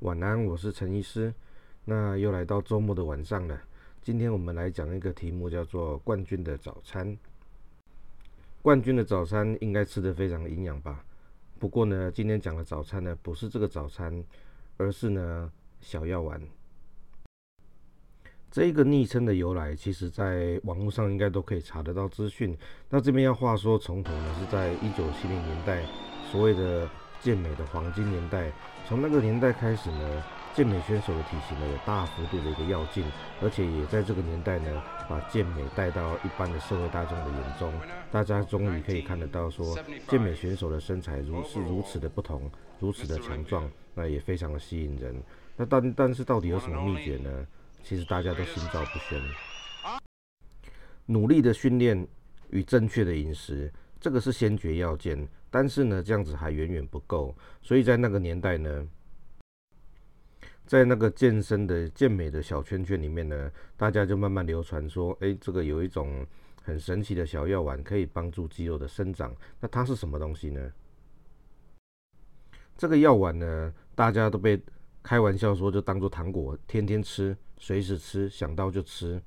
晚安，我是陳醫師。那又來到周末的晚上了。今天我們來講一個題目，叫做“冠軍的早餐”。冠軍的早餐應該吃得非常營養吧？不過呢，今天講的早餐呢，不是這個早餐，而是呢小藥丸。這個昵稱的由來，其實在網絡上應該都可以查得到資訊。那這邊要話說從頭呢，是在一九七零年代所謂的。健美的黃金年代，從那個年代開始呢，健美選手的體型呢有大幅度的一個躍進，而且也在這個年代呢，把健美帶到一般的社會大眾的眼中，大家終於可以看得到說，健美選手的身材如是如此的不同，如此的強壯，那也非常的吸引人。那但但是到底有什麼秘訣呢？其實大家都心照不宣，努力的訓練與正確的飲食，這個是先決要件。但是呢，這樣子還遠遠不夠，所以在那個年代呢，在那個健身的健美的小圈圈裡面呢，大家就慢慢流傳說，哎、欸，這個有一種很神奇的小藥丸，可以幫助肌肉的生長。那它是什麼東西呢？這個藥丸呢，大家都被開玩笑說就當做糖果，天天吃，隨時吃，想到就吃。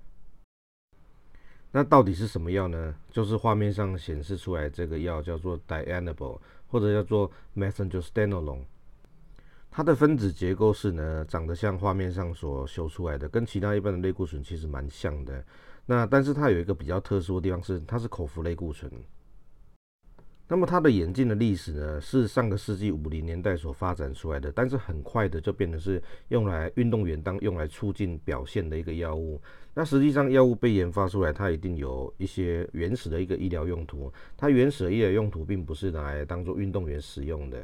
那到底是什麼藥呢？就是畫面上顯示出來這個藥叫做 Dianabol，或者叫做 Methandrostenolone。它的分子結構式呢，長得像畫面上所修出來的，跟其他一般的類固醇其實蠻像的。那但是它有一個比較特殊的地方是，它是口服類固醇。那麼它的眼鏡的歷史呢，是上個世紀五零年代所發展出來的，但是很快的就變成是用來運動員當用來促進表現的一個藥物。那實際上藥物被研發出來，它一定有一些原始的一個醫療用途，它原始的醫療用途並不是拿來當做運動員使用的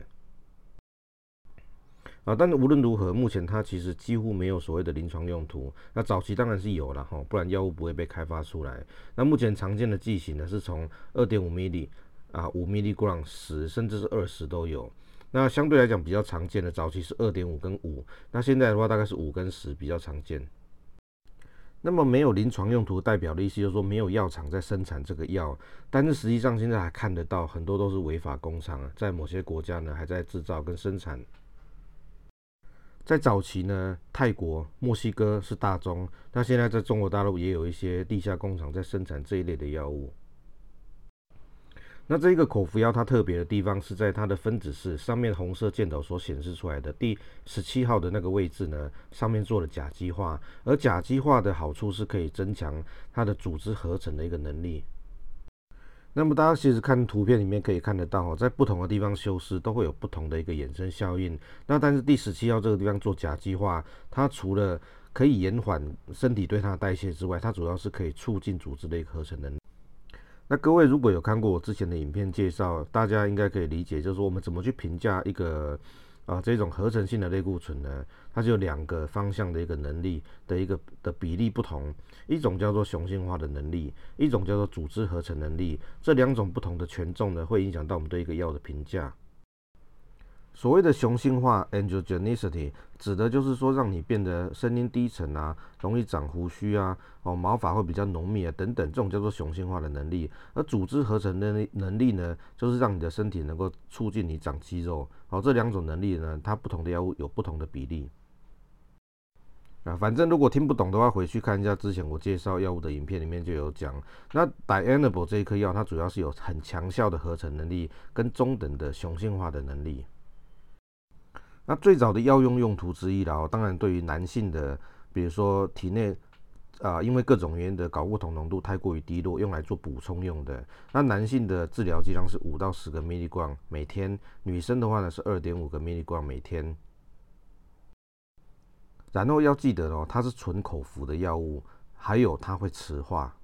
啊。但是無論如何，目前它其實幾乎沒有所謂的臨床用途。那早期當然是有了哈，不然藥物不會被開發出來。那目前常見的劑型呢，是從二點五 mm。啊，五 milligram 十、甚至是二十都有。那相對來講比較常見的早期是二點五跟五，那現在的話大概是五跟十比較常見。那麼沒有臨床用途代表的意思就是說沒有藥廠在生產這個藥，但是實際上現在還看得到很多都是違法工廠啊，在某些國家呢還在製造跟生產。在早期呢，泰國、墨西哥是大宗，那現在在中國大陸也有一些地下工廠在生產這一類的藥物。那這個口服藥它特別的地方是在它的分子式上面紅色箭頭所顯示出來的第十七號的那個位置呢，上面做了甲基化，而甲基化的好處是可以增強它的組織合成的一個能力。那麼大家其實看圖片裡面可以看得到，在不同的地方修飾都會有不同的一個衍生效應。那但是第十七號這個地方做甲基化，它除了可以延緩身體對它的代謝之外，它主要是可以促進組織的一個合成能力。那各位如果有看過我之前的影片介紹，大家應該可以理解，就是說我們怎麼去評價一個啊這種合成性的類固醇呢？它就兩個方向的一個能力的一個的比例不同，一種叫做雄性化的能力，一種叫做組織合成能力，這兩種不同的權重呢，會影響到我們對一個藥的評價。所謂的雄性化 androgenicity 指的就是說，讓你變得聲音低沉啊，容易長鬍鬚啊，哦，毛髮會比較濃密啊，等等，這種叫做雄性化的能力。而組織合成能力能力呢，就是讓你的身體能夠促進你長肌肉。哦，這兩種能力呢，它不同的藥物有不同的比例。啊，反正如果聽不懂的話，回去看一下之前我介紹藥物的影片裡面就有講。那 Dianabol 這一顆藥，它主要是有很強效的合成能力跟中等的雄性化的能力。那最早的藥用用途之一哦，當然對於男性的，比如說體內，啊、呃，因為各種原因的睾固酮濃度太過於低落，用來做補充用的。那男性的治療劑量是五到十個 milligram 每天，女生的話呢是二點五個 milligram 每天。然後要記得哦，它是純口服的藥物，還有它會雌化。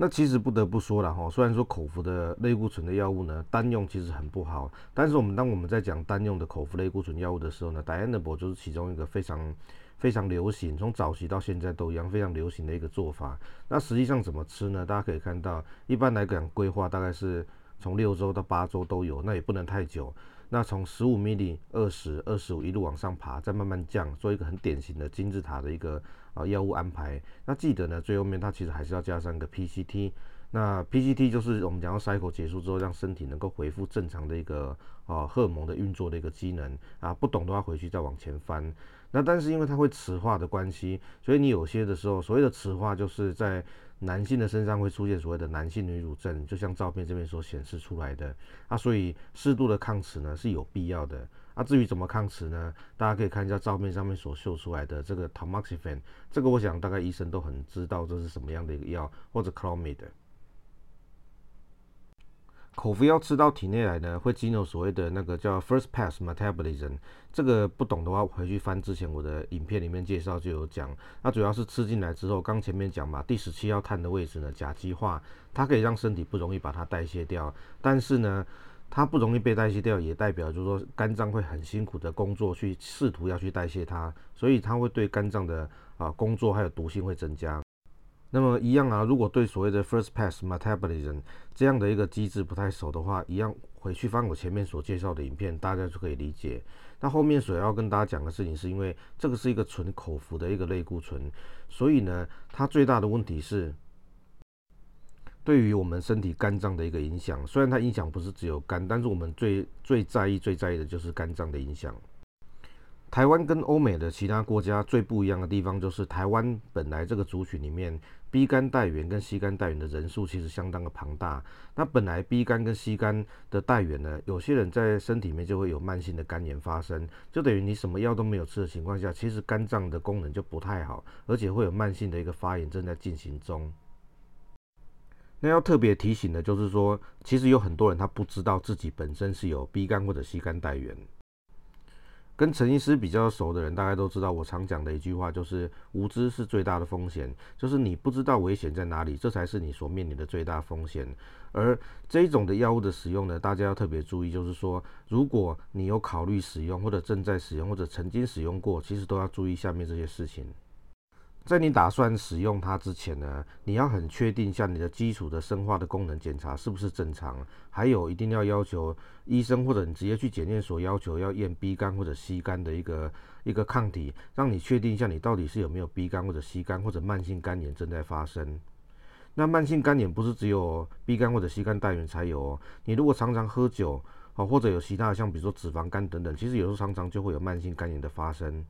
那其實不得不說了哈，雖然說口服的類固醇的藥物呢，單用其實很不好。但是我們當我們在講單用的口服類固醇藥物的時候呢，Dianabol 就是其中一個非常非常流行，從早期到現在都一樣非常流行的一個做法。那實際上怎麼吃呢？大家可以看到，一般來講規劃大概是從六周到八周都有，那也不能太久。那從十五 mg、二十二十五一路往上爬，再慢慢降，做一個很典型的金字塔的一個啊藥物安排。那記得呢，最後面它其實還是要加上一個 PCT。那 PCT 就是我們講到 cycle 結束之後，讓身體能夠恢復正常的一個啊荷爾蒙的運作的一個機能啊。不懂的話回去再往前翻。那但是因為它會雌化的關係，所以你有些的時候所謂的雌化，就是在男性的身上會出現所謂的男性女乳症，就像照片這邊所顯示出來的啊。所以適度的抗雌呢是有必要的啊。那至於怎麼抗雌呢？大家可以看一下照片上面所秀出來的這個 tamoxifen 這個我想大概醫生都很知道這是什麼樣的一個藥，或者 clomid。口服藥吃到體內來呢，會進入所謂的那個叫 first pass metabolism。這個不懂的話，我回去翻之前我的影片裡面介紹就有講。那主要是吃進來之後，剛前面講嘛，第十七號碳的位置呢甲基化，它可以讓身體不容易把它代謝掉。但是呢，它不容易被代謝掉，也代表就是說肝臟會很辛苦的工作去試圖要去代謝它，所以它會對肝臟的啊工作還有毒性會增加。那麼一樣啊，如果對所謂的 first pass metabolism 這樣的一個機制不太熟的話，一樣回去翻我前面所介紹的影片，大家就可以理解。那後面所要跟大家講的事情，是因為這個是一個純口服的一個類固醇，所以呢，它最大的問題是對於我們身體肝臟的一個影響。雖然它影響不是只有肝，但是我們最最在意、最在意的就是肝臟的影響。台灣跟歐美的其他國家最不一樣的地方，就是台灣本來這個族群裡面，B 肝帶原跟 C 肝帶原的人數其實相當的龐大。那本來 B 肝跟 C 肝的帶原呢，有些人在身體裡面就會有慢性的肝炎發生，就等於你什麼藥都沒有吃的情況下，其實肝臟的功能就不太好，而且會有慢性的一個發炎正在進行中。那要特別提醒的就是說，其實有很多人他不知道自己本身是有 B 肝或者 C 肝帶原。跟陳醫師比較熟的人，大概都知道，我常講的一句話就是無知是最大的風險，就是你不知道危險在哪裡，這才是你所面臨的最大風險。而這種的藥物的使用呢，大家要特別注意，就是說，如果你有考慮使用，或者正在使用，或者曾經使用過，其實都要注意下面這些事情。在你打算使用它之前呢，你要很確定一下你的基礎的生化的功能檢查是不是正常，還有一定要要求醫生或者你直接去檢驗所要求要驗 B 肝或者 C 肝的一個一個抗體，讓你確定一下你到底是有沒有 B 肝或者 C 肝或者慢性肝炎正在發生。那慢性肝炎不是只有 B 肝或者 C 肝帶原才有哦，你如果常常喝酒啊，或者有其他的像比如說脂肪肝、肝等等，其實有時候常常就會有慢性肝炎的發生。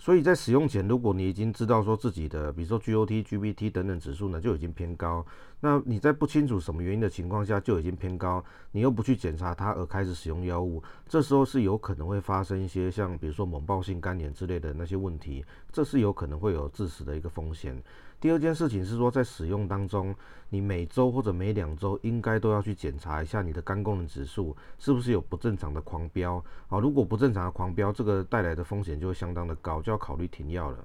所以在使用前，如果你已經知道說自己的，比如說 G O T、G B T 等等指數呢就已經偏高，那你在不清楚什麼原因的情況下就已經偏高，你又不去檢查它而開始使用藥物，這時候是有可能會發生一些像比如說猛暴性肝炎之類的那些問題，這是有可能會有致死的一個風險。第二件事情是說，在使用當中，你每周或者每兩周應該都要去檢查一下你的肝功能指數是不是有不正常的狂飆。好，如果不正常的狂飆，這個帶來的風險就會相當的高，就要考慮停藥了。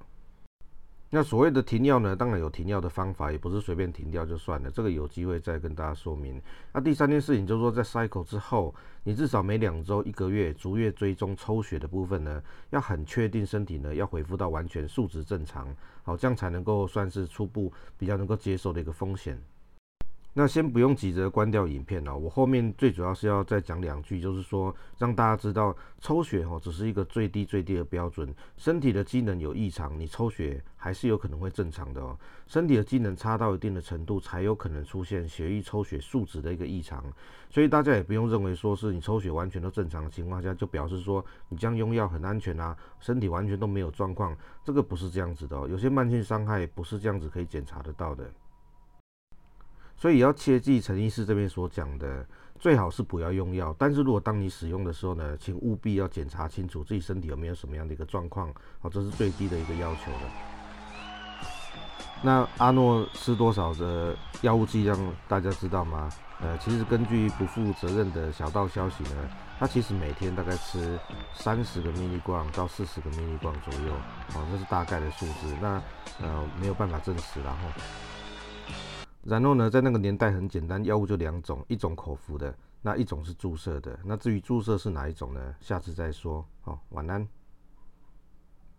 那所謂的停藥呢，當然有停藥的方法，也不是隨便停掉就算了，這個有機會再跟大家說明。那第三件事情就是說，在 cycle 之後，你至少每兩周、一個月逐月追蹤抽血的部分呢，要很確定身體呢要恢復到完全數值正常，好，這樣才能夠算是初步比較能夠接受的一個風險。那先不用急着關掉影片了哦，我後面最主要是要再講兩句，就是說讓大家知道抽血哦，只是一個最低最低的標準，身體的機能有異常，你抽血還是有可能會正常的哦。身體的機能差到一定的程度，才有可能出現血液抽血數值的一個異常，所以大家也不用認為說是你抽血完全都正常的情況下，就表示說你將用藥很安全啊，身體完全都沒有狀況，這個不是這樣子的哦。有些慢性傷害不是這樣子可以檢查得到的。所以要切記，陳醫師這邊所講的，最好是不要用藥。但是如果當你使用的時候呢，請務必要檢查清楚自己身體有沒有什麼樣的一個狀況，好，這是最低的一個要求的。那阿諾吃多少的藥物劑量，大家知道嗎？呃，其實根據不負責任的小道消息呢，他其實每天大概吃三十個 milligram 到四十個 milligram 左右，好、哦，這是大概的數字，那呃沒有辦法證實，然後，然後呢，在那個年代很簡單，藥物就兩種，一種口服的，那一種是注射的。那至於注射是哪一種呢？下次再說。好，哦，晚安。